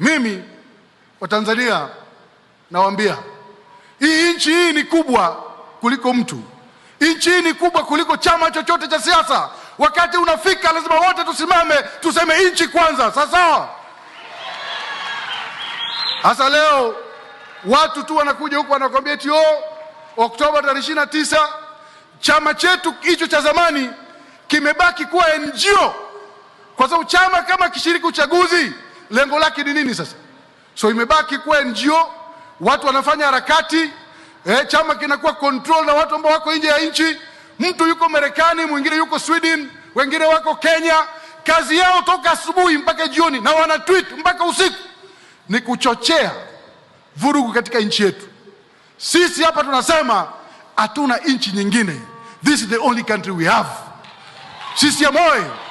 Mimi Watanzania nawaambia hii nchi hii ni kubwa kuliko mtu, nchi hii ni kubwa kuliko chama chochote cha siasa. Wakati unafika lazima wote tusimame tuseme nchi kwanza. Sasa hasa leo watu tu wanakuja huku wanakuambia eti oh, Oktoba tarehe ishirini na tisa chama chetu hicho cha zamani kimebaki kuwa NGO, kwa sababu chama kama kishiriki uchaguzi lengo lake ni nini sasa? So imebaki kuwa NGO, watu wanafanya harakati eh, chama kinakuwa control na watu ambao wako nje ya nchi. Mtu yuko Marekani, mwingine yuko Sweden, wengine wako Kenya. Kazi yao toka asubuhi mpaka jioni, na wana tweet mpaka usiku, ni kuchochea vurugu katika nchi yetu. Sisi hapa tunasema hatuna nchi nyingine, this is the only country we have. Sisi moyo